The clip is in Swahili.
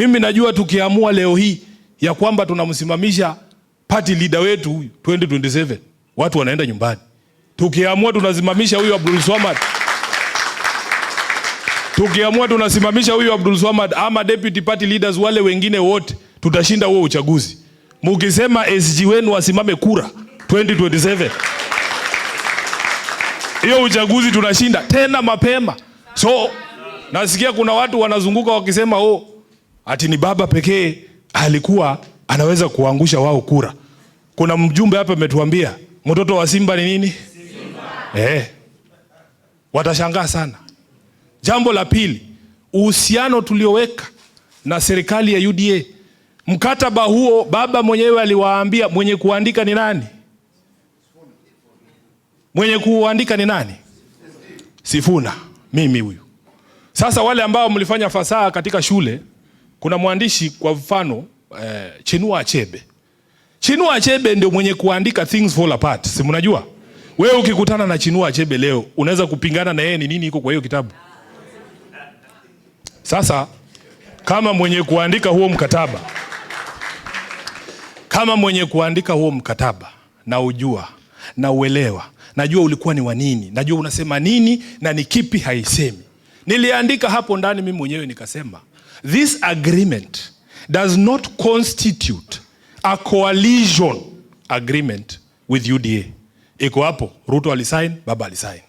Mimi najua tukiamua leo hii ya kwamba tunamsimamisha party leader wetu huyu 2027 watu wanaenda nyumbani. Tukiamua tunasimamisha huyu Abdul Swamad. Tukiamua tunasimamisha huyu Abdul Swamad ama deputy party leaders wale wengine wote tutashinda huo uchaguzi. Mukisema SG wenu wasimame kura 2027. Hiyo uchaguzi tunashinda tena mapema. So nasikia kuna watu wanazunguka wakisema oh ati ni baba pekee alikuwa anaweza kuangusha wao kura. Kuna mjumbe hapa ametuambia mtoto wa Simba ni nini? Simba. Eh. Watashangaa sana. Jambo la pili, uhusiano tulioweka na serikali ya UDA. Mkataba huo baba mwenyewe aliwaambia mwenye kuandika ni nani? Mwenye kuandika ni nani? Sifuna, mimi huyu. Sasa wale ambao mlifanya fasaha katika shule kuna mwandishi kwa mfano eh, Chinua Achebe. Chinua Achebe ndio mwenye kuandika Things Fall Apart. Si mnajua? Wewe ukikutana na Chinua Achebe leo unaweza kupingana na yeye ni nini iko kwa hiyo kitabu. Sasa kama mwenye kuandika huo mkataba kama mwenye kuandika huo mkataba na ujua na uelewa, najua ulikuwa ni wa nini, najua unasema nini na ni kipi haisemi. Niliandika hapo ndani mimi mwenyewe nikasema This agreement does not constitute a coalition agreement with UDA. Iko hapo, Ruto alisign, Baba alisign.